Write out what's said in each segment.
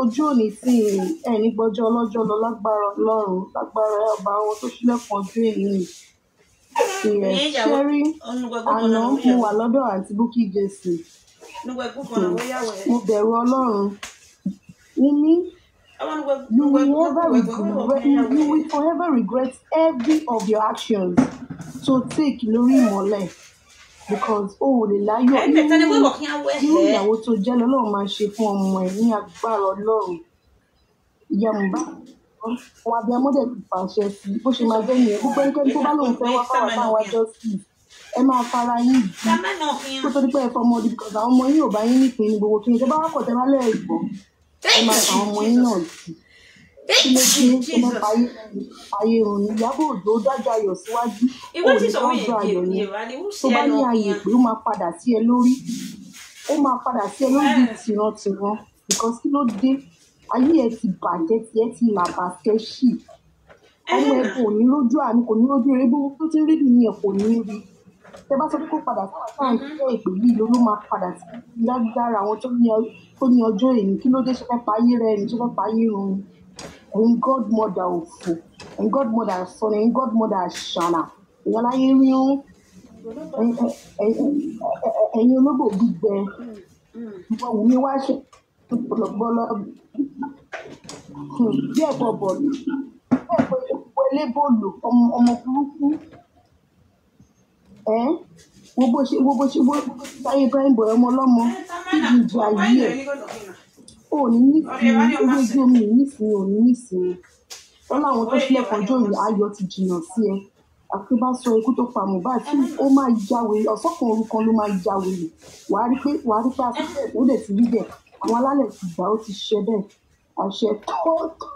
ojú òní sí ẹni gbọ́jọ́ ọlọ́jọ́ lọ lágbára ọlọ́run lágbára ọba àwọn tó ṣílẹ̀kùn ọdún èyí ìyẹn ṣẹ́rí àná mo wà lọ́dọ̀ àǹtí búkí jésì mo bẹ̀rù ọlọ́run wíní you will never regret you will forever regret every of your actions to take lórí ìmọ̀lẹ̀ because o ò lè láyọ̀ irú ìyàwó tó jẹ́ lọ́lọ́run máa ṣe fún ọmọ ẹ̀ ní agbára ọlọ́run ìyá Mohbad àwọn abiyamọ́dẹ̀ ti pàṣẹ sí bó ṣe máa jẹ́ nìyẹn gbogbo ẹnikẹ́ni tó bá lóun fẹ́ wá fáwọn àbáwọn justice ẹ máa fara yín jù kó tó dípẹ́ ẹ̀fọ́ ọmọdé because àwọn ọmọ yín ò bá yín nípìn ní gbogbo kí ni tẹ bá wà kọ̀ tẹ bá lẹ́ẹ̀ gbọ́ ẹ máa fà àwọn ọmọ yín náà jù. Ìmọ̀jìnì ayé ìròyìn Ìyábọ̀ Òjó dájọ́ ayọ̀ síwájú. Ìwé tí sọ̀rọ̀ yẹn kì í wá ní wúṣẹ́ lọ. Tó bá ní ààyè pé ó máa padà sí ẹ lórí. Ó máa padà sí ẹ lórí bíi ah. tìrantìran. Nǹkan kí ló ti bàjẹ́ tiẹ̀ kẹ́ṣì. Ọmọ ẹ kò ní lójú àánú kò ní lójú eré bí wọ́n ti rí nìyẹn kò ní rí tẹ bá sọ pé kó padà sáà tó ìpè yìí ló ló máa padà lágbára àwọn tó ní ọjọ́ èyí kí ló dé ṣe fẹ́ pa ayé rẹ̀ ẹni tó fẹ́ pa ayé run ẹ̀yin godmother òfò ẹ̀yin godmother sọnù ẹ̀yin godmother àṣànà èèyàn láyé rí ó ẹ̀yin ológbò gbígbẹ ìwọ̀n mi wá ṣe bọ́lọ́bọ́lọ́ bí ẹ̀kọ́ bọ̀lù wọlé bọ́ọ̀lù ọmọ burúkú ẹ̀ gbogbo ṣe gbogbo ṣe gbogbo ṣe ayé ibrahim bọ̀yọ̀ ọmọ ọlọ́mọ ìjìjà yìí ẹ̀ ò ní nífìmí ojú omi nífìmí ò ní nífìmí wọn láwọn tó fi ẹ̀kọ́ ọjọ́ yìí ayọ̀ ti jìnnà sí ẹ àti bá sọ ikú tó pa Mohbad tí ó máa ya wèrè ọ̀sọ́kan orúkọ ló máa ya wèrè wàá rí pé wàá rí pé àtúntò ó dẹ̀ ti rí bẹ̀ àwọn alálẹ̀ ti gbà ó ti ṣe bẹ́ẹ̀ àṣẹ tó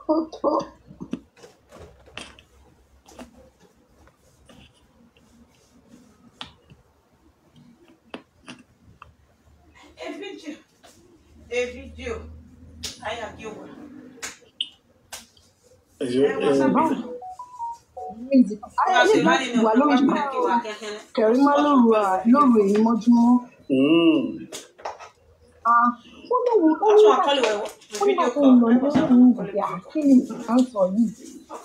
tó tó. É vídeo ayẹyẹ láti wà lórí kẹrìmá lóru à lóru èyí mọ́júmọ́. Hmm. Ah, ó lóun ó ní nígbà tó ń lọ ní ọdún ìdìbò àkíní à ń sọ yìí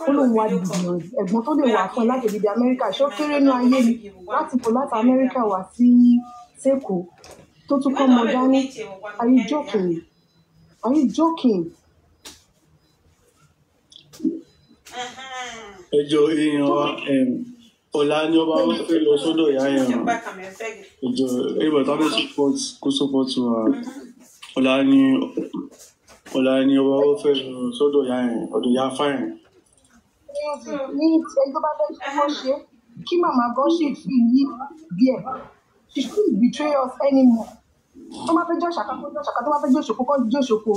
ó lóun wá dùnmọ̀ ẹ̀gbọ́n tó lè wà fún láti ibi amẹ́ríkà ṣó kéré ní ayé ni láti kó láti amẹ́ríkà wá sí sẹ́kọ̀ọ́ tó tún kọ́ mọ dání ayé jókòó. Are you joking? ẹjọ èèyàn wa ọ̀la ni ọba ó fẹ́ lọ sọ́dọ̀ ìyá yẹn o ẹjọ ìbọn tá ló support kó support wa ọ̀la ni ọ̀la ni ọba ó fẹ́ lọ sọ́dọ̀ ìyá yẹn ọ̀dọ̀ ìyá fáyẹn. ní ẹni tó bá fẹ́ kọ́ ṣe kí màmá gan ṣe fi yí bí ẹ̀ she should betray us anymore tó bá fẹ́ jọ́ ṣàkà kó jọ́ ṣàkà tó bá fẹ́ jọ́ ṣòfò kó jọ́ ṣòfò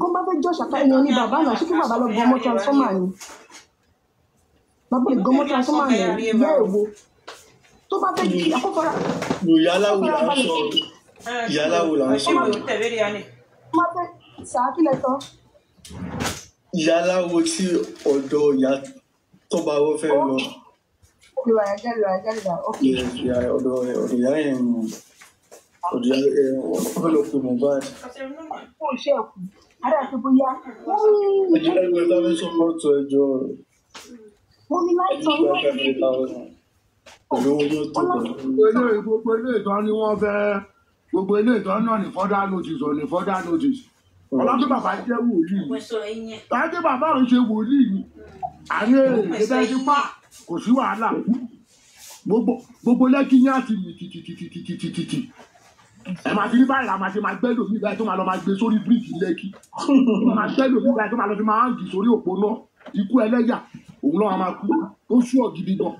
kó bá fẹ́ jọ́ ṣàkà ẹ̀yàn ni bàbá náà ṣé kí bàbá lọ gbọmọ transformer ni bàbá lè gbọmọ transformer ni ìyá èwo tó bá fẹ́ jí àkókòrà. ìyáláwo là ń sọ ìyáláwo là ń sọ má fẹ́ sàákìlẹ̀ tán. ìyáláwo tí ọ̀dọ̀ ìyá tó bá wọ́n fẹ́ lọ. olùwàyà jẹ́ olùwàyà jẹ́ ìgbà. ọ̀dọ̀ ìyá yẹn nù ọ̀dùyà ẹ ọ lọ pé Mohbad. ó ṣe ẹ̀kú ara àti bóyá. ẹjọ́ ẹgbẹ́ táwọn ń e sọ́pọ̀tù ẹjọ́ rẹ̀. mo ní láì sọ wọ́n ní e pẹ̀lú owó yóò tó pẹ̀lú. gbogbo ilé ìtọ́ ni wọ́n fẹ́ gbogbo ilé ìtọ́ náà ní further notice ọ̀ ní further notice ọlọ́dún bàbá jẹ́ wòlíì tàbí bàbá òun ṣe wòlíì ni àárẹ̀ ìdẹ́jú pa kò sí wàhálà gbogbo lẹ́kí yín àti mì tìtìtìtìtìtìtì ẹ máa ti rí báyìí la máa ṣe máa gbẹ́ lòmí ìgbà tó máa lọ máa gbé sórí bíríìjì lẹ́kì máa gbẹ́ lòmí ìgbà tó máa lọ fi máa hàn jù sórí òpó náà ikú ẹlẹ́yà òun náà máa kú ó sú ọ gidi gan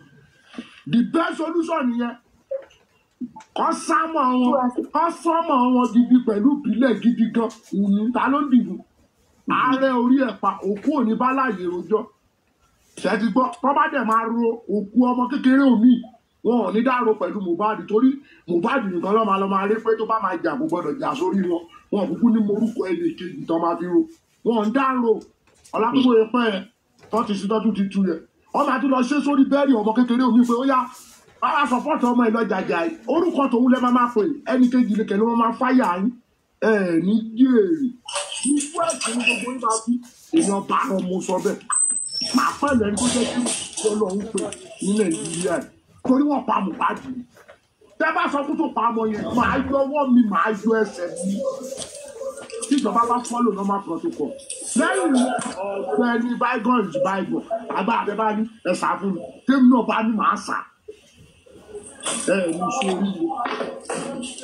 the best solution nìyẹn kọ́ sámọ̀ wọn kọ́ sọ́mọ̀ wọn gidi pẹ̀lú ìbílẹ̀ gidi gan òun ta ló dìbò ààrẹ orí ẹ̀pà òkú òní bá láàyè rojọ́ ṣẹ́ ti gbọ́ tọ́ bá dẹ̀ máa ro òkú ọmọ kékeré òmíì wọn ò ní dárò pẹ̀lú Mohbad torí Mohbad nìkan lọ́ọ́ máa lọ́ọ́ máa rí pé tó bá máa jà kó gbọ́dọ̀ jà sórí wọn wọn kúkú ní morúkọ ẹnì kejì tán máa fi ro wọn ò ń dárò ọlákùnkùn yẹn pẹ́ ẹ̀ tán ti ṣetán tún ti tu yẹ ọmọ àti lọ ṣe sórí bẹ́ẹ̀rì ọmọ kékeré omi pé ó yá bàbá sọpọ́tì ọmọ ìlọ jàjà yìí orúkọ tòun lẹ́ máa máa pè ẹnì kejì lè kẹ́lẹ́ wọn máa fáyà yín ẹ̀ ní jèrè ní fúrẹ́ẹ̀sì ní gbogbo yín máa fi èèyàn bá ọmọ sọ bẹ́ẹ̀ máa pẹ̀lú torí wọ́n pa Mohbad ni tẹ bá sọ fún tó pa ọmọ yẹn màá yọ ọwọ́ mi màá yọ ẹsẹ̀ mi tí ìjọba bá fọ́lò normal protocol lẹ́yìn ọ̀gbẹ́ ní bygone is bygone àgbà àbẹ bá ní ẹ̀sà fún mi tèmi náà bá ní màá sà ẹ̀ mi sọ oríire.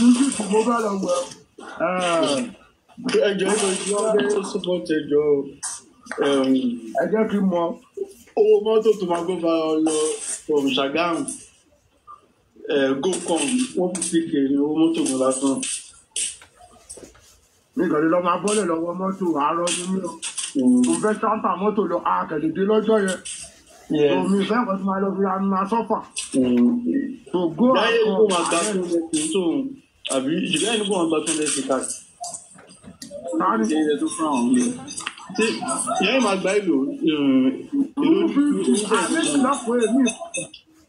Music for mobile and well. Ẹjọ́ ìgbà ìjọba tó support ẹjọ́ o ẹ jẹ́ kí n mọ owó mọ́tò tó máa gbé ba ọ lọ from Ṣàgámù gocom wọ́n fi fi kèrè owó mọ́tò mi lásán nígbàdí lọ́ máa bọ́lẹ̀ lọ́wọ́ mọ́tò àárọ̀ ní mìíràn mm. mo fẹ́ sáńtà mọ́tò lọ akẹ́lẹ́dẹ́ lọ́jọ́ yẹn omi ìfẹ́ nǹkan tí máa lọ fi ra máa sọ́fà. Mm. tó gó àkọ láyé kó máa gba tó lẹ́sìn tó àbí jùlọ ẹni kó máa gba tó lẹ́sìn káàkiri ìyá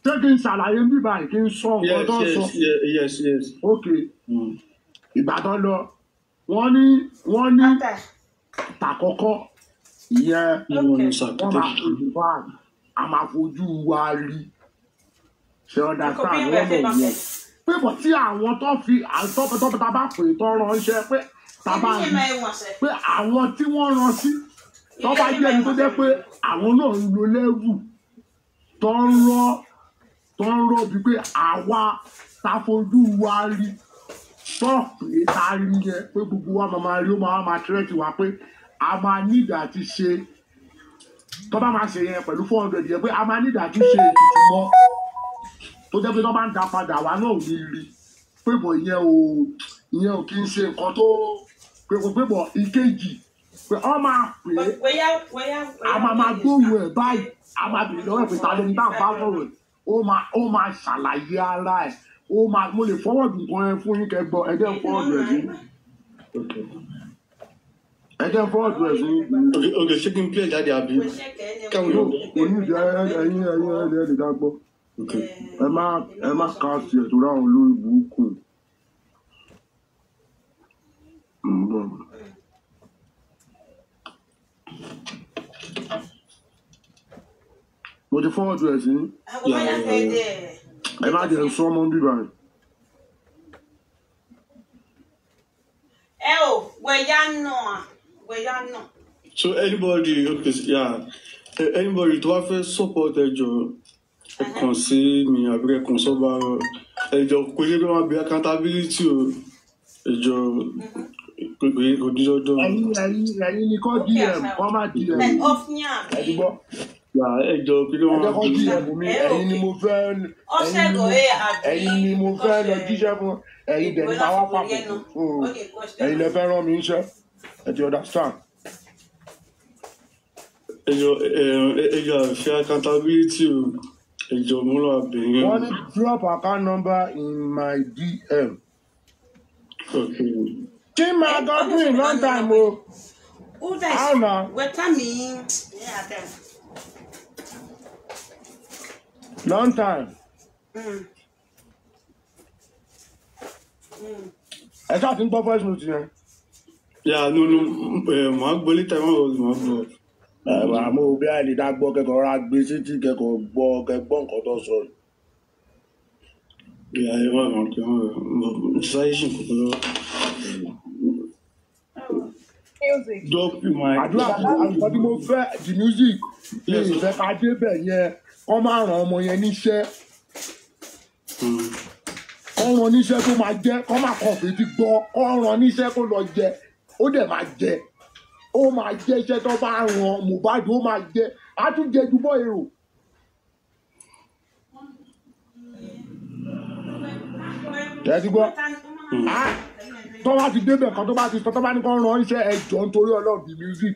yìí eh, ṣàlàyé bí báyìí kí n sọ nǹkan sọ ok hmm. ìbàdàn lọ wọ́n ní wọ́n ní tàkọ́kọ́ ìyẹn wọ́n máa fojú wa a máa fojú wa rí ṣe ọ̀dà sáà wọ́n mọ̀ wọ́n tí àwọn tó fi àtọ́pẹ́tọ́pẹ́ta bá pè tọ́ ránṣẹ́ pé tàbá pé àwọn tí wọ́n rán sí tó bá jẹ́ ẹni tó jẹ́ pé àwọn náà ń lo lẹ́wù tó ń rọ́ tó ń rọ́ bíi pé àwa ta fojú wa rí tọ́ọ̀pù ta rí yẹn pé gbogbo wa máa rí ó máa máa tẹ́rẹ̀tì wa pé a máa nídìí àti ṣe tó bá máa ṣe yẹn pẹ̀lú four hundred yẹn pé a máa nídìí àti ṣe ètùtù mọ́ tó jẹ́ pé tó bá ń da padà wa náà ò ní rí pé bọ̀ ìyẹn ò ìyẹn ò kí ń ṣe nǹkan tó pé o pé bọ̀ ìkejì pé ọ máa pè é a máa máa gbóhùn ẹ̀ báyìí a máa bèrè lọ́wọ́ ẹ̀ pé ta ló ń bá bá sọ̀rọ̀ ó máa ó máa ṣàlàyé ara ẹ̀ ó máa mo lè fọwọ́dù nǹkan ẹ fún yín kẹgbọ́ ẹ jẹ́ fọwọ́dù ẹ̀ fún ẹ jẹ́ fọwọ́dù ẹ̀ fún. ok ṣé kí n pè é jáde àbí káwọn yóò. ìdí ẹyin ẹyin ẹyin ẹyin ẹdá gbọ́ ẹ má ẹ má kà á sí ẹ̀ tó ráhùn lórí burúkú mo ti fọwọ́dù ẹ̀ sí. ẹ má jẹ́ sọ ọmọ bíbá rẹ̀. ẹ ò wẹ̀yà náà wẹ̀yà náà. so anybody okay yeah anybody tó wá fẹ́ support ẹ jọ ẹ kàn sí mi àbí ẹ kàn sọ́ba ẹ jọ pé bí wọ́n á bí accountability o ẹ jọ. Mm-hmm pépé ojúdọ́dọ́. ẹ̀yin ni kò dm kò má dm. ẹ̀dúgbọ́ ẹ kí ló wọ́n kò dm mi ẹ̀yin ni mo fẹ́ ẹ̀yin ni mo fẹ́ lọ jíṣẹ́ fún ẹ̀yin dẹ̀ ní àwọn papọ̀ ẹ̀yin lẹ fẹ́ rán mi ń ṣẹ́ ẹ ti understand. ẹjọ ẹjọ àfẹ accountability o ẹjọ múlò àbẹ̀yẹ. wọ́n ní drop account number in my dm. Okay. Chima don drink long time o. Who does? I don't know. Weta mi. Yeah, them. Long time. Mm. Mm. ẹ ṣáà ti ń gbọ́ voice note yẹn. yà ló ló mọ agbolé tẹ mọ òòlù mọ gbọ. àmọ́ òbí àìlè dá gbọ́ kẹ́kọ̀ọ́ ra gbé sétí kẹ́kọ̀ọ́ gbọ́ kẹ́gbọ́ nǹkan tó sọ. ìyá ẹ wà mọ̀ kí wọ́n sọ yìí ṣì kúkú lọ́wọ́ my. àdúrà àgbọ̀n tí mo fẹ́ the music mi ìfẹ́ ká débẹ̀ yẹn kọ́ máa ràn ọmọ yẹn níṣẹ́ hmm. kọ́ ràn níṣẹ́ tó máa jẹ́ kọ́ máa kàn fètí gbọ́ kọ́ ràn níṣẹ́ kó lọ jẹ ó dẹ̀ máa jẹ ó máa jẹ iṣẹ́ tó bá ràn Mohbad ó máa jẹ á tún jẹ ju bọ́ èrò. tẹ́tí gbọ́. Hmm. Ah tó bá ti débẹ̀ kan tó bá ti sọ tó bá ní kó ran iṣẹ́ ẹjọ́ nítorí ọlọ́run bí music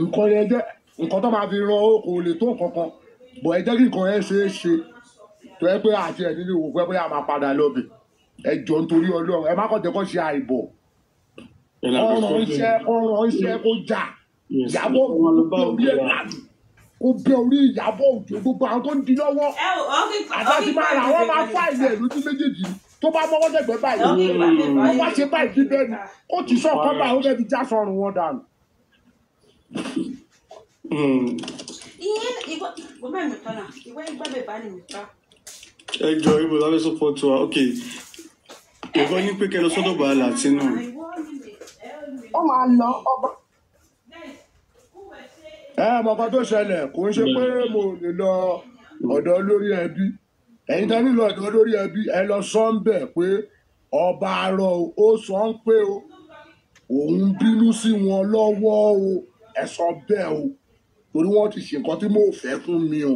nǹkan yẹn jẹ́ nǹkan tó máa fi ran o kò lè tó nǹkan kan bọ̀ ẹ jẹ́ kí nǹkan yẹn é ṣe tó yẹ pé àti ẹ̀ nílé òwò pé bóyá máa padà lọ́bẹ̀ ẹjọ́ nítorí ọlọ́run ẹ má kàn jẹ́ kó ṣe àìbọ̀ ọ̀ràn iṣẹ́ ọ̀ràn iṣẹ́ kó jà ìyàbọ̀ orí ẹ̀ lánàá kó bẹ orí ìyàbọ̀ òjò gbogbo àwọn tó ń di lọ́wọ́ àti máa rà wọ́n máa fà ilẹ̀ lójú méjèèjì tó bá mọ́wọ́ dẹ̀gbẹ́ báyìí wọ́n bá ṣe báyìí dídẹ́ ni ó ti sọ ọkọ báyìí ó dẹ̀bi já sọrùn wọn dànù. ẹ jọ ibo lábẹ́ sọ́pọ̀ wa ok ìwọ ní pé kẹlẹ sọ́dọ̀ bá a là tí ó máa lọ ọba. ẹ mọ̀ọ́kan tó ṣẹlẹ̀ kò ń ṣe pé mo lè lọ ọ̀dọ̀ lórí ẹbí ẹ̀yin tán nílò ọ̀dọ́ lórí ẹbí ẹ lọ sọ ń bẹ̀ pé ọba arọ ó sọ ń pé o òun bínú sí wọn lọ́wọ́ o ẹ sọ bẹ́ẹ̀ o torí wọ́n ti ṣe nǹkan tí mo fẹ́ fún mi o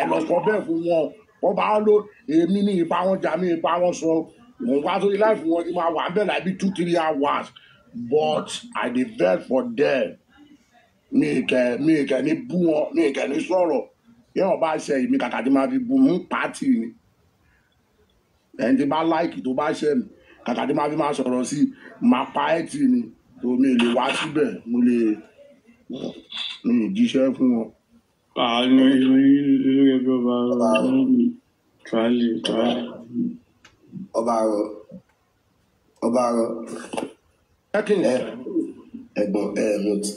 ẹ lọ sọ bẹ́ẹ̀ fún wọn wọ́n bá lọ èmi ní ipa wọn jà mí ipa wọn sọ wọn wá sórí láìfù wọn ti máa wà ń bẹ̀ láìpẹ́ two three hours but i dey vex for them mi kẹ mi kẹ ní bú wọn mi kẹ ní sọ̀rọ̀ kí ọ̀ bá ṣe èmi kàkà tí máa fi bu mú pàtì ni ẹni tí bá láìkì tó bá ṣe mi kàkà tí máa fi máa sọ̀rọ̀ sí máa pa ẹ́ tì ni tó mi lè wá síbẹ̀ mo lè mi ì jíṣẹ́ fún wọn. àánú ìlú ìlú ẹgbẹ́ ọba rọ tíwálì tíwálì. ọba rọ ọba rọ ẹ̀gbọ́n ẹ ẹ ló ti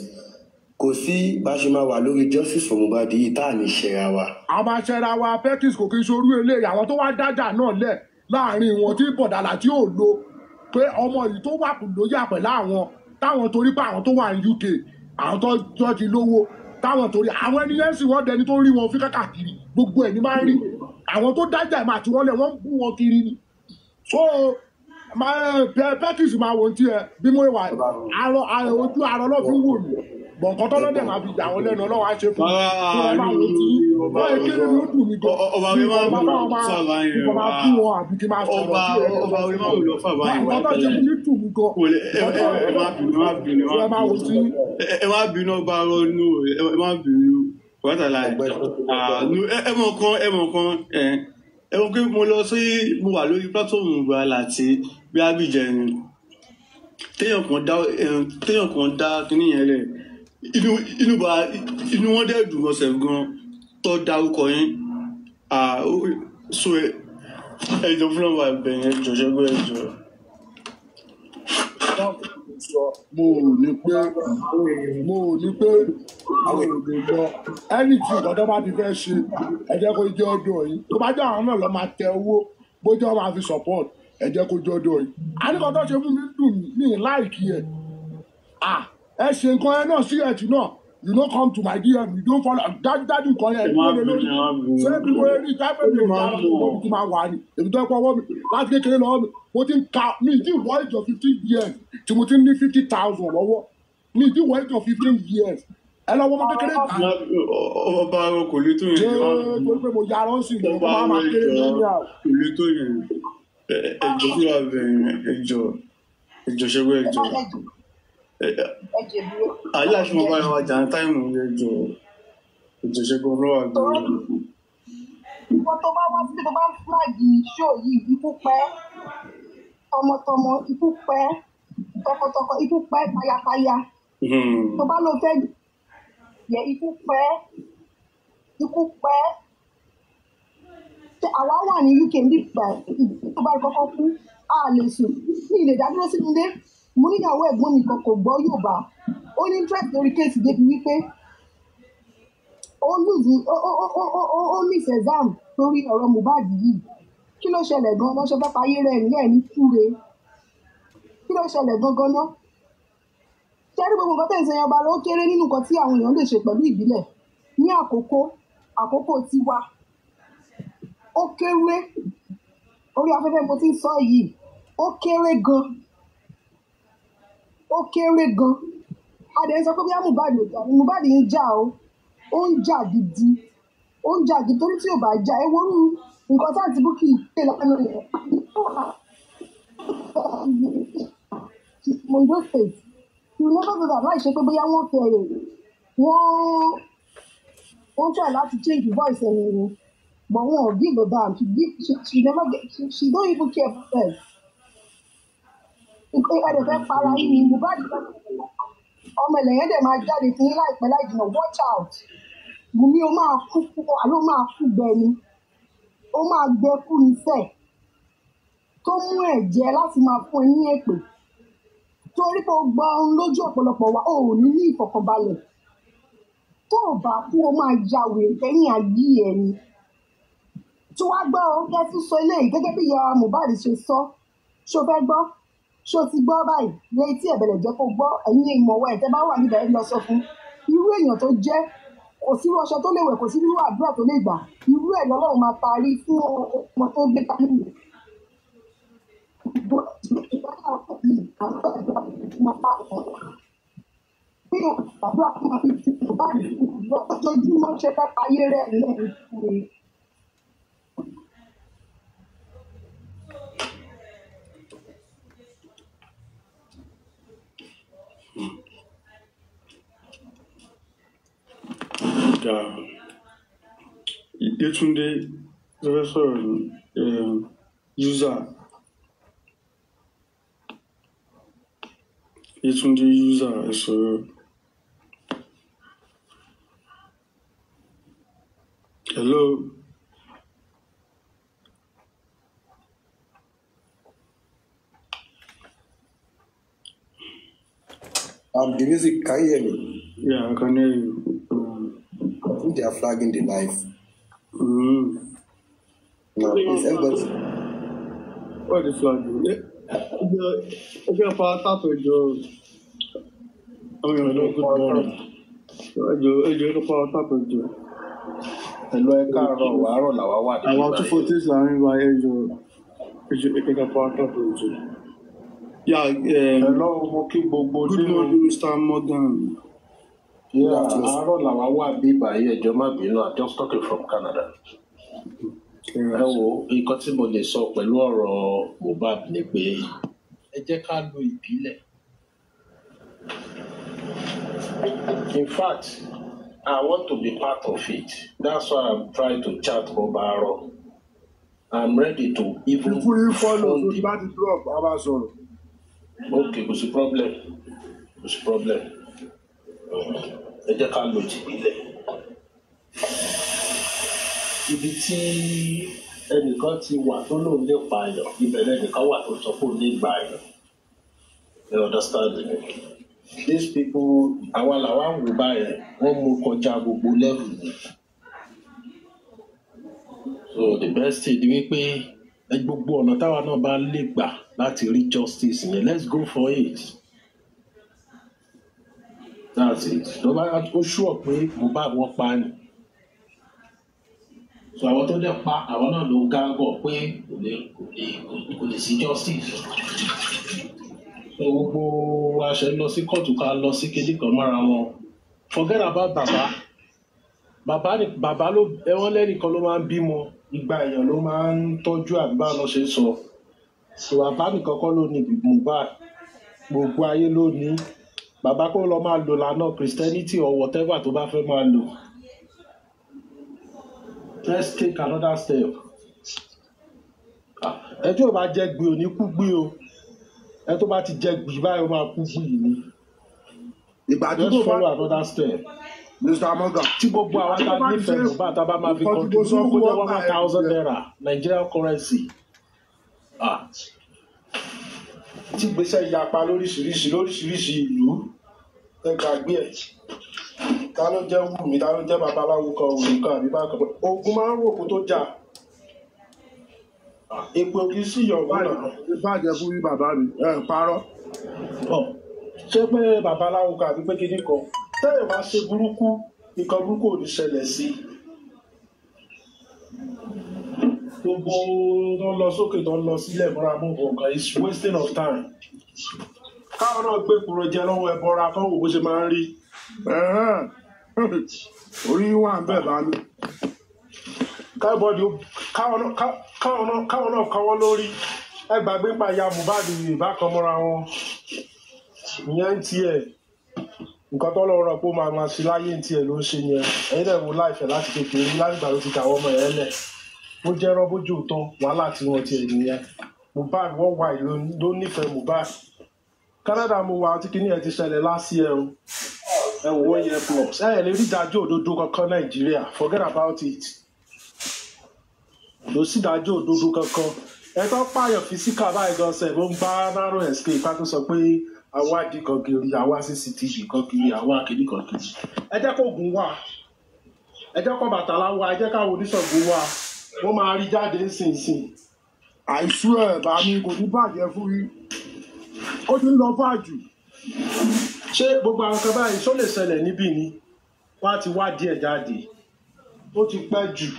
kò sí bá ṣe máa wà lórí justice for Mohbad yìí tá à ní ṣẹra wa. a máa ṣẹra wa Peckis kò kí n ṣorú eléyìí àwọn tó wá dájà náà lẹ̀ láàrin wọn tí bọ̀dàlà tí ò lo pé ọmọ yìí tó wà lóyè àpẹ̀lá àwọn táwọn torí pé àwọn tó wà ní UK àwọn tó tó ti lówó táwọn torí àwọn ẹni yẹn sì wọ́n dẹni tó rí wọn fi kákàkiri gbogbo ẹ̀ ní máa ń rí àwọn tó dájà ìmọ̀ àti wọ́n lẹ̀ wọ́n ń bú wọn kiri ni. so Peckis máa wò ó tiẹ̀ bí mo wà ojú arọ lọ́ọ́ fi ń wò mí bọ̀ǹkan tọ́lọ́ dẹ̀ máa fi gbà wọ́n lẹ́nu ọlọ́wọ́ á ṣe fún ọba ìkéde ló dùn mí gan ọba orí máa wù lọ fàbá yẹn ọba ọba ọba orí máa wù lọ fàbá yẹn wà tẹ́lẹ̀ ẹ má bínú ẹ má bínú ẹ má bínú ẹ má bínú ọba ronú ẹ má bínú wàtàlá ẹ mọ̀ kan ẹ mọ̀ kan ẹ ẹ mọ̀ pé mo lọ sí mo wà lórí pátọ́ọ̀mù ìgbà láti bí abidjan téèyàn kan dá téèyàn kan dá kínní yẹn lẹ̀ inú inú bá inú wọn dẹ̀ dùn ọ̀sẹ̀ gan tó dárúkọ yín so ẹjọ fúnra wà bẹ̀yẹn ẹjọ ṣẹ́gun ẹjọ. mo ò ní pé mo ò ní pé àwọn èdè lọ ẹni tí ìgbọ́dọ̀ bá ti fẹ́ ṣe ẹ jẹ́ kó jẹ́ ọdún yìí tó bá jẹ́ àwọn náà lọ́ọ́ máa tẹ owó bójú ọ máa support ẹ jẹ́ kó jẹ́ ọdún yìí. àníkọ́ tó ṣe fún mi dùn mí láìkí ẹ̀ ah ẹ ṣe nǹkan ẹ náà sí ẹtù náà you no come to my dm you don't follow dájúdájú nǹkan yẹn ló lè lórí ṣé bí mo rí táìpẹ́ mi ò dára lórí tó máa wà ní èmi tó ẹ̀kọ́ ọwọ́ mi láti kékeré lọ́wọ́ mi mo ti ń ka mi ti wọ ìjọ fifteen years tí mo ti ní fifty thousand lọ́wọ́ mi ti wọ ìjọ fifteen years ẹ lọ wọ ọmọ kékeré gbà. ọba kò lè tó yẹn. ṣé torí pé mo yára ó sì lọ ọba máa kéré lórí àwọn. kò lè tó yẹn ẹjọ fúlàbẹ ẹjọ ẹjọ ṣẹgbẹ ẹjọ ayé àṣùwọ̀n bá wa jà ń táìmù yẹn jù ìjọsẹ gbọ́dọ̀ wà lórí. ìwọ tó bá wá síbi tó bá ń fúlàgì ṣó yìí ikú pẹ́ tọmọtọmọ ikú pẹ́ tọkọtọkọ ikú pẹ́ payapaya hmm. tó bá lọ fẹ́ yẹ ikú pẹ́ ikú pẹ́ àwa wà ní UK nípa ìgbà tó bá kọ́kọ́ kú a lè sùn ní ilé ìdádúró sínú ilé mo níyàwó ẹ̀gbọ́n mi kan kò gbọ́ Yorùbá ó ní interest lórí kéèsì débi wípé ó lùzù ó ó ó ó ó ó miss exam torí ọ̀rọ̀ Mohbad yìí kí ló ṣẹlẹ̀ gan-an lọ́sọ bá fayé rẹ̀ ní ẹ̀ ní túre kí ló ṣẹlẹ̀ gan-an náà ṣẹ́rí gbogbo nǹkan tẹ̀sán yẹn ọba ló kéré nínú nǹkan tí àwọn èèyàn lè ṣe pẹ̀lú ìbílẹ̀ ní àkókò àkókò tiwa ó kéré orí afẹ́fẹ́ mo ti ń sọ yìí ó kéré gan-an ó kéré gan a dẹ̀ ń sọ pé bí Mohbad ò jà ní Mohbad ń jà o ó ń jà gidi ó ń jà gidi torí tí ò bá jà ẹ wọ́n mú nǹkan tá àti Bukky pè lánàá yẹn Ondo State you never know that láì ṣe pé bóyá wọ́n fẹ̀rẹ̀ wọ́n wọ́n try láti change voice ẹ̀yìn wọn but wọn ò give a damn she she, never get she, don't even care for herself ìpè ẹ̀dẹ̀ fẹ́ para yìí ní ibùdó àdìgbà ọmọ ẹlẹ́yìn ẹ̀dẹ̀ máa jáde fún yín láìpẹ́ láì jìnnà watch out Wùmí o máa kú púpọ̀ àló máa kú gbẹ ni ó máa gbẹ kú ní sẹ́ẹ̀ tó mú ẹ̀jẹ̀ láti máa fún ẹ ní èpè torí pé o gbọ́ ohun lójú ọ̀pọ̀lọpọ̀ wa ò ní ní ìfọ̀kànbalẹ̀ tó o bá kú o máa ya wèrè kẹ́yìn ẹ̀ ni tí wàá gbọ́ ẹ tún sọ eléyìí gẹ́gẹ́ bí ìyá Mohbad ṣe sọ ṣo fẹ́ gbọ́ ṣó ti gbọ́ báyìí létí ẹ̀bẹ̀lẹ̀ jẹ́ kó gbọ́ ẹ̀yin ìmọ̀wọ́ ẹ̀ tẹ́ bá wà níbẹ̀ lọ sọ fún irú èèyàn tó jẹ́ kò sí ọṣọ tó lè kò sí irú àdúrà tó lè gbà irú ẹ̀ lọ́lọ́run máa parí fún ọmọ tó gbé parí rẹ̀. Bí o àdúrà fún mi ti kò bá mi lọ, ojoojúmọ́ ṣe fẹ́ payé rẹ̀ lẹ́yìn fún mi. da Yetunde ló user Yetunde user ẹ̀ Hello. I'm the music. Can you hear me? Yeah, I can hear you think they are flagging the live. Mm. No, please, everybody. What is flagging? Okay, I'll start with you. I going to do good morning. ẹjọ ẹjọ um, good morning Mr. Morgan. Yeah, àárọ̀ làwa wà bíbà here. ẹjọ́ má bínú I'm just talking from Canada. Ẹ wo nǹkan tí mo lè sọ pẹ̀lú ọ̀rọ̀ Mohbad ni pé ẹ jẹ́ ká lo ìbílẹ̀. In fact, I want to be part of it. That's why I'm trying to chat Bọ́bá Arọ. I'm ready to even. Ìfún yìí fọ́lọ̀ tó bá ti drop, a bá sọ̀rọ̀. Okay, kò sí problem. Kò sí problem. Uh ẹ jẹ́ ká lò jìbílẹ̀ ibi tí ẹnìkan ti wà tó lòun lè pààyàn ibẹ̀ lẹ́nìkan wà tó sọ fún un ní ìgbà yẹn understand me these people àwa làwa ń wò báyẹn wọ́n mú kọjá gbogbo lẹ́rù ni so the best thing ni wípé gbogbo ọ̀nà táwa náà bá lè gbà láti rí justice yẹn let's go for it that's it tó bá ó ṣùọ pé mo bá wọn pa ni so àwọn tó dẹ̀ pa àwọn náà ló ń gángbọ̀ pé kò lè kò lè kò lè sí justice so gbogbo aṣẹ lọ sí kóòtù ká lọ sí kejì kan mọ́ra wọn forget about bàbá bàbá ni bàbá ló ẹwọn lẹ́nìkan ló máa ń bímọ ìgbà èèyàn ló máa ń tọ́jú àgbà lọ ṣe sọ so bàbá nìkan kọ́ ló ní Mohbad gbogbo ayé ló ní bàbá kó lọ máa lò lànà christianity or whatever tó bá fẹ́ máa lò let's take another step ẹ tí ò bá jẹ gbé o ní kú gbé o ẹ tó bá ti jẹ gbé báyìí ó máa kú gbé yìí ni ìgbà tó tó bá mr morgan tí gbogbo àwọn ta nífẹ̀ẹ́ yorùbá tá a bá máa fi kọ́ kó jẹ́ one thousand naira nigerian currency. Ah tí gbèsè yapa lóríṣiríṣi lóríṣiríṣi ìlú ẹ gbàgbé ẹ ta ló jẹ́ Wùmí ta ló jẹ́ babaláwo kan òwúrò kan àbí bá kan ogun máa ń rò kó tó jà epo kì í sì yọ̀wọ́ náà. bàjẹ́ fún yín bàbá mi ẹ parọ́. ṣé pé babaláwo kan àbí pé kíní kan tẹ́lẹ̀ wá ṣe burúkú nǹkan burúkú ò ní ṣẹlẹ̀ sí i. gbogbo tó lọ sókè tó lọ sílẹ̀ mọ́ra mú nǹkan is wasting of time káwọn náà gbé kúrò jẹ lọ́wọ́ ẹ bọ́ra fún òwò bó ṣe máa ń rí orí wà ń bẹ̀ báyìí káwọn náà kọ́wọ́ lórí ẹ gbàgbé pa ìyá Mohbad ìbákan mọ́ra wọn ìyẹn ń tiẹ̀ nǹkan tó lọ́rọ̀ pé ó máa ma sí láyé ń tiẹ̀ ló ń ṣe yẹn ẹ̀yin dẹ̀ wo láìfẹ́ láti kékeré láti gbà ló ti kà wọ́n ọmọ yẹn lẹ̀ bó jẹ́rọ́ bójú tó wàhálà tí wọ́n ti ẹ̀yìn yẹn Mohbad wọ́n wà ló nífẹ̀ẹ́ Mohbad Canada mo wà tí kinní ẹ̀ ti ṣẹlẹ̀ last year o ẹ wò wọ́n yẹ plus ẹ lè rí ìdájọ́ òdodo kankan Nàìjíríà forget about it lò sí ìdájọ́ òdodo kankan ẹ tó pààyàn fisika báyìí gan ṣe ló ń bá narrow escape ká tó sọ pé àwa di kan kiri àwa cctv kan kiri àwa kiri kan kiri ẹ jẹ́ kó oògùn wà ẹ jẹ́ kó bàtàlá wà ẹ jẹ́ káwọn oníṣègùn wà wọ́n máa rí jáde nísinsìnyí àìsú ẹ̀ bá mi kò ní bàjẹ́ fún yín ó ti ń lọ fà jù ṣé gbogbo àwọn kan báyìí ṣó lè ṣẹlẹ̀ níbí ni wọ́n á ti wá díẹ̀ jáde ó ti pẹ́ jù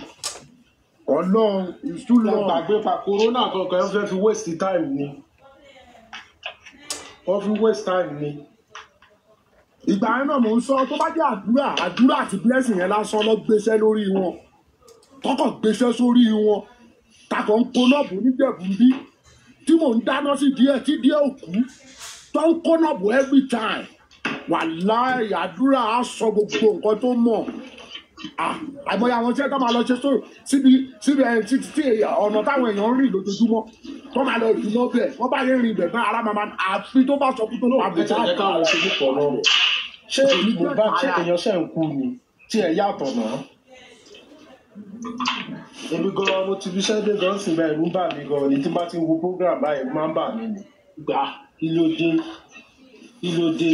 ọlọ́run ìṣúlẹ̀ gbàgbé pa kòrónà kankan ẹ̀ fẹ́ fi waste time ni wọ́n fi waste time ni ìgbà yẹn náà mò ń sọ tó bá jẹ́ àdúrà àdúrà àti blessing yẹn lásán lọ gbéṣẹ́ lórí wọn tọkàn gbéṣẹ́ sórí wọn takọ̀ ń kónọ́ọ̀bù níjẹ̀bù ń bí tí mò ń dáná sí díẹ̀ tí díẹ̀ ò tó ń kónọ́ọ̀bù every time wàláì àdúrà á sọ gbogbo nǹkan tó mọ̀ àìmọye àwọn iṣẹ́ tó máa lọ ṣe sóò síbi síbi ẹ̀yìn títí tí ọ̀nà táwọn èèyàn ń rìn lójoojúmọ́ tó máa lọ jù lọ bẹ̀ wọ́n bá yẹn rìn ibẹ̀ náà ara máa ma àfi tó bá sọ fún tó lọ́wọ́ àbẹ̀tẹ̀ àbẹ̀tẹ̀ àbẹ̀tẹ̀ àbẹ̀tẹ̀ àbẹ̀tẹ̀ àbẹ̀tẹ̀ àbẹ̀tẹ̀ àbẹ̀tẹ̀ àbẹ̀tẹ̀ àbẹ̀tẹ̀ àbẹ̀tẹ̀ àbẹ̀tẹ̀ àbẹ̀tẹ̀ àbẹ̀tẹ̀ àbẹ̀tẹ̀ àbẹ̀tẹ̀ àbẹ̀tẹ̀ àbẹ̀tẹ̀ àbẹ̀tẹ̀ èmi gan mo ti fi sẹ́dẹ̀ gan sì bá ẹ̀rù ń bà mí gan ni tí bá ti wo program báyìí máa ń bà mí ni gbà kí ló dé kí ló dé.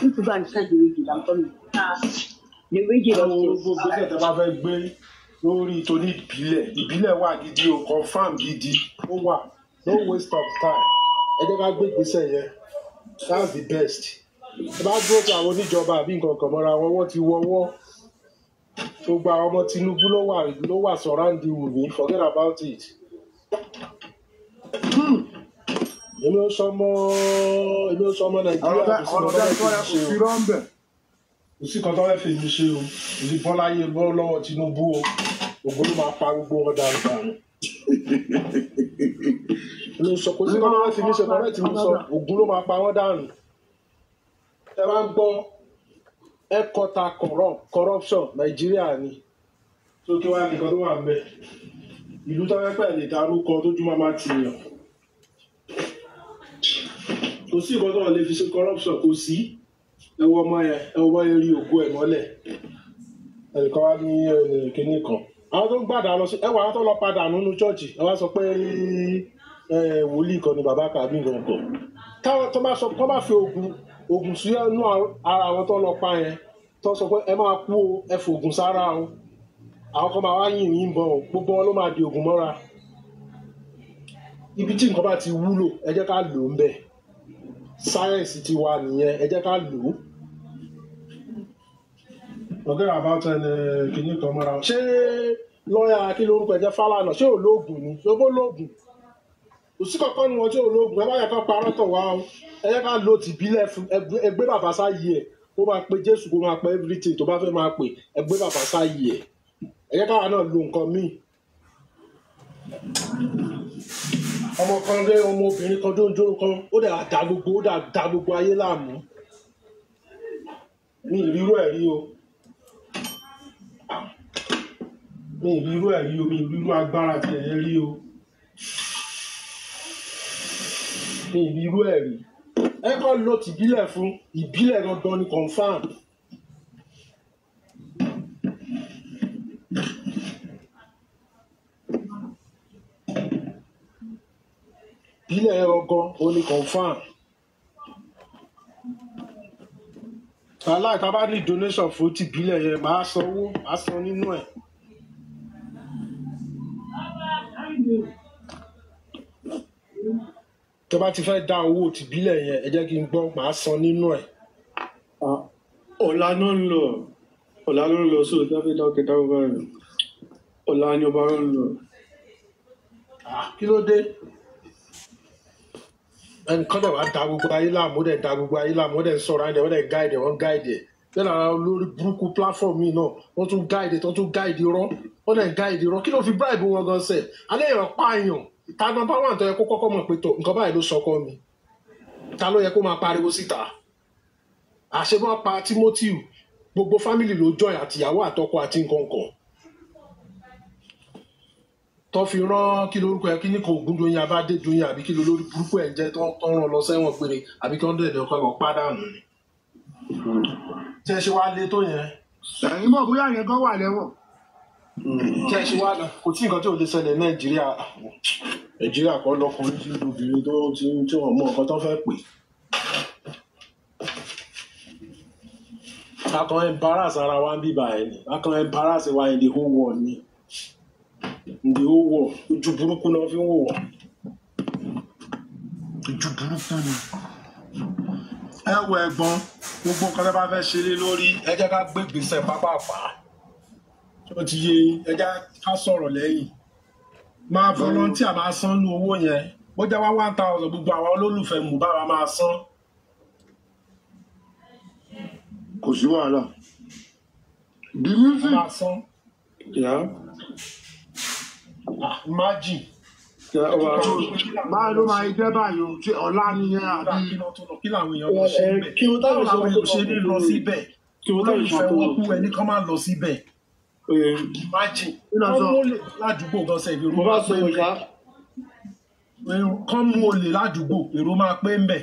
nítorí bá ń sẹ́dẹ̀ méjì láńtọ́ mi. ní méjì lọ́wọ́ gbogbo gbèsè tó bá fẹ́ gbé lórí tóní ìbílẹ̀ ìbílẹ̀ wà gidi o confam gidi ó wà no waste of time ẹ jẹ́ ká gbé gbèsè yẹn that's the best ẹ bá dúró tí àwọn oníjọba àbí nǹkan kan mọ́ra wọn wọ́n ti wọ́wọ́ tó gba ọmọ Tinubu ló wà ló wà sọ̀ráǹdì Wùmí forget about it. Hmm. èmi ò sọmọ èmi ò sọmọ Nàìjíríà kò sí kan tó fẹ́ fi ṣe o kò sí kan tó fẹ́ fi ṣe o ìdí Bọ́lá yé bọ́ lọ́wọ́ Tinubu o ògbó ló máa pa gbogbo wọn dáadáa ló sọ kò sí kan tó fẹ́ fi ṣe kọ́rẹ́tì ló sọ ògbó ló máa pa wọn dànù ẹ máa ń gbọ́ headquarter corrupt corruption nàìjíríà ni tó kí wàá nìkan tó wà ń bẹ ìlú tó fẹ́ pẹ̀lú ìdárúkọ tójú máa máa ti yàn kò sí ìkan tó wà lè fi ṣe corruption kò sí ẹ wọ ọmọ yẹn ẹ wọ ọmọ yẹn rí òkú ẹ mọ́lẹ̀ ẹnìkan wá ní kínní kan àwọn tó ń gbàdá lọ sí ẹ wọ àwọn tó lọ padà nínú chọ́ọ̀chì ẹ sọ pé wòlíì kan ni bàbá kàbí nǹkan kan tó bá fi ogun oògùn sí inú ara àwọn tó lọ pa yẹn tó sọ pé ẹ máa kú o ẹ fògùn sára o àwọn kan máa wá yìn yín bọ o gbogbo wọn ló máa di ogun mọ́ra ibi tí nǹkan bá ti wúlò ẹ jẹ́ ká lò ń bẹ̀ sáyẹ̀nsì ti wà nìyẹn ẹ jẹ́ ká lò ó. ọ̀gá about ẹni eh, kìíní kan mọ́ra ṣé lọ́ọ̀yà kí lórúkọ ẹ jẹ́ Fálànà ṣé ò lóògùn ni ṣé ó bó lóògùn kò kankan nu wọn tí ológun ẹ má yẹ kán parọ́ tàn wá o ẹ yẹ ká lo tìbílẹ̀ fún ẹgbẹ́ bàbá sáyé ẹ̀ kó máa pe jésù kó máa pe everything tó bá fẹ́ máa pe ẹgbẹ́ bàbá sáyé ẹ̀ ẹ yẹ káwa náà lo nǹkan míì ọmọ kan rẹ ọmọ obìnrin kan tó ń jó kan ó dà dá gbogbo ó dà dá gbogbo ayé láàmú mi ìrírú ẹ̀ rí o mi ìrírú ẹ̀ rí o mi ìrírú agbára tiẹ̀ rí o. ní ìrírú ẹ̀ rí ẹ kọ́ lo tìbílẹ̀ fún ìbílẹ̀ dandan ni confam. ìbílẹ̀ ọgán òní confam. aláìka bá ní donation fún tìbílẹ̀ yẹn màá sanwó màá san nínú ẹ̀. Thank you tó bá ti fẹ́ dá owó tìbílẹ̀ yẹn ẹ jẹ́ kí n gbọ́ màá san nínú ẹ̀. ọ̀la náà ń lọ ọ̀la ló ń lọ sóò dábẹ́ dákẹ́ dáwọ́ báyìí ọ̀la ni ọba ń lọ. kí ló dé ẹnìkan dẹ̀ wá da gbogbo ayé láàmú dẹ̀ da gbogbo ayé láàmú dẹ̀ sọ̀rọ̀ ayé dẹ̀ wọ́n dẹ̀ gáìdì wọ́n gáìdì ẹ̀ bẹ́ẹ̀ náà lórí burúkú platform yìí náà wọ́n tún gáìdì tó tún gáìdì rọ́ wọ́n dẹ̀ gáìdì rọ́ kí ló fi bribe wọn gan sẹ̀ alẹ́ yẹn pààyàn ta nọmba wà tó yẹ kó kọ́kọ́ mọ̀ pé tó nǹkan báyìí ló sọkọ mi ta ló yẹ kó máa pariwo síta àṣebọ́n pa Timothy gbogbo fámìlì ló jọyìn àtìyàwó àtọkọ àti nǹkan kan tó fi rán kí lórúkọ ẹ kí ní kò gún doyin abáde doyin àbí kí lórí burúkú ẹ jẹ tó ń rán lọ sẹ́wọ̀n gbére àbí kí wọn dẹdẹ ọkọ ẹwọn pàdánù ni. tí ẹ ṣe wá lé tó yẹn. ẹ̀yin mọ̀ bóyá yẹn gan wà lẹ́wọ̀n tí ẹ ṣe wá lọ kò tí nǹkan tí ò lè ṣẹlẹ̀ nàìjíríà nàìjíríà kọ́ lọ́kùnrin tí obìnrin tó ti ń tí wọ́n mọ nǹkan tó fẹ́ pè. akàn embarrass ara wa ń bíbà ẹ ni akàn embarrass wa in the whole world ni in the whole world ojú burúkú náà fi ń wò wọ́n. ojú burúkú ni ẹ wọ ẹ̀gbọ́n gbogbo nǹkan tó bá fẹ́ ṣe lé lórí ẹ jẹ́ ká gbé gbèsè pápá pàá ó ti yé ẹja ká sọ̀rọ̀ lẹ́yìn máa volunteer máa san ní owó yẹn bó jẹ́ wá one thousand gbogbo àwa olólùfẹ́ Mohbad wa máa san. kò sí wàhálà the music. máa san. Yeah. Ah, imagine báyìí ló máa jẹ́ báyìí o tí ọ̀la nìyẹn àbí. kí làwọn èèyàn lọ eh, síbẹ̀ kí wọ́n táwọn èèyàn lọ síbẹ̀ kí wọ́n táwọn èèyàn lọ síbẹ̀ imagine kọ́mú olè ládùúgbò gan sẹ́yìn èrò máa pé ń bẹ̀ kọ́mú olè ládùúgbò èrò máa pé ń bẹ̀.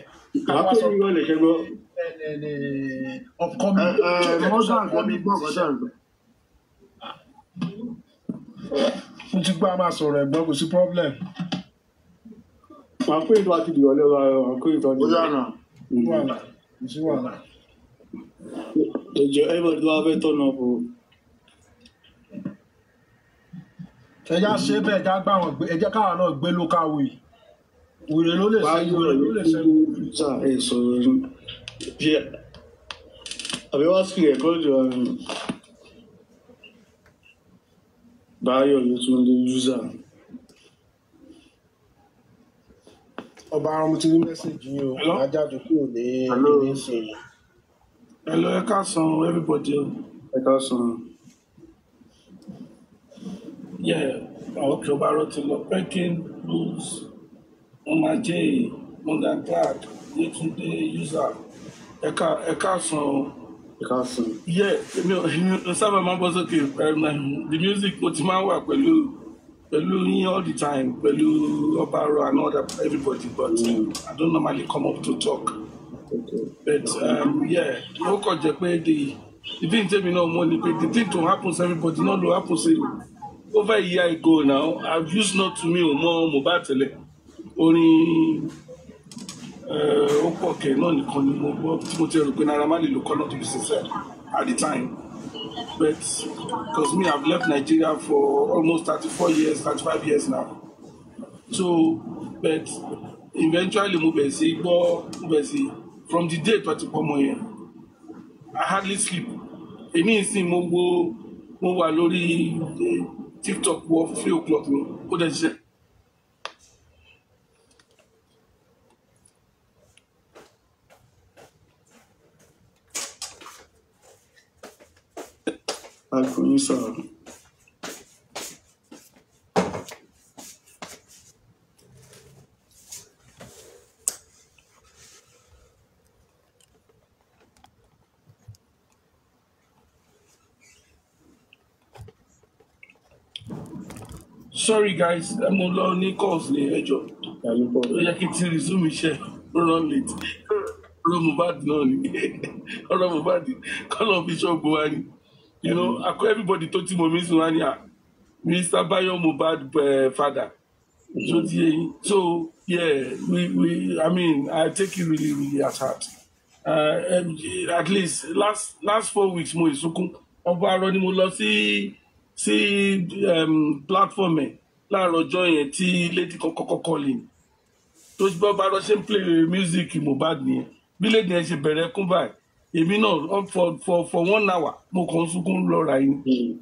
káwá sọ pé olè ṣẹgbọ́. upcoming. mọ́gàn kan mo ti gbá máa sọ̀rọ̀ ẹ̀gbọ́n kò sí problem. màá pé ìtọ́ àti ìdìwọ́lé wa màá pé ìtọ́ ní. ó dáná. wàhálà ẹ jọ ẹ bọ̀ tí wọ́n á fẹ́ tọ̀nà fún un. ẹja ṣe bẹ́ẹ̀ ẹja gbà wọn ẹjẹ káwa náà gbé lóka wèé wèrè ló lè ṣe wèrè ló lè ṣe wèrè. sá ẹ sọ̀rọ̀ rí bí àbí wá sí ẹ̀kọ́ ìjọ um, báyọ̀ yóò tún lé yúzà. ọba àwọn ọmọ ti rí mẹ́sàgì yìí o ajáde kúrò ní ẹgbẹ́ ìsìn. hello ẹ ká san everybody ẹ ká san yeah àwọn Yorùbá ti lọ Pekin Blues Mama Jay London Clark Yetunde User ẹ̀ka ẹ̀ka sàn ẹ̀ka sàn. yẹ èmi ò èmi ò sábà máa ń bọ́ sókè the music mo my work? ń wà pẹ̀lú all the time Belu Obaro and other everybody but mm. I don't normally come up to talk. Okay. but um, yeah ó kàn jẹ́ pé the the thing tèmi náà mọ̀ ni the thing to happen to everybody not to happen to you over a year ago now i've used not to me o mọ Mohbad tẹ́lẹ̀ orin eh, ó pọ̀ kẹ́ náà nìkan ni mo gbọ́ tí mo ti rò pé Naira Marley ló kọ́ náà to be sincere at the time but because me i've left Nigeria for almost thirty-four years thirty-five years now so but eventually mo bẹ̀rẹ̀ sí gbọ́ mo bẹ̀rẹ̀ sí from the day tó ti pọ̀ mọ́ yẹn i hardly sleep èmi ìsìn mo gbó mo wà lórí eh, tiktok wọ fún three o'clock ni ó dẹ̀ ṣiṣẹ́. Agbo yín sọ̀rọ̀. sorry guys mo lọ ní calls ní ẹjọ ó yẹ kí n ti resume iṣẹ́ run late ọ̀rọ̀ Mohbad náà ni ọ̀rọ̀ Mohbad kọlọ fi ṣọgbó wa ni you know akọ everybody tó ti mọ mi sùn wá ni à ah, Mr. Bayo Mohbad uh, father mm-hmm. so ti yẹ yín so yeah we we I mean I take you really really as heart uh, um, at least last last four weeks mo ìsunkún ọba arọ ni mo lọ sí. Si, sí platform ẹ̀ láàárọ̀ ọjọ́ yẹn tí lady kọ́kọ́ calling tó gbọ́ bá rọ́ ṣe ń play music Mohbad nìyẹn bí lady yẹn ṣe bẹ̀rẹ̀ kún báyìí èmi náà for for for one hour mo kàn ń sunkún lọ́ra yìí hmm.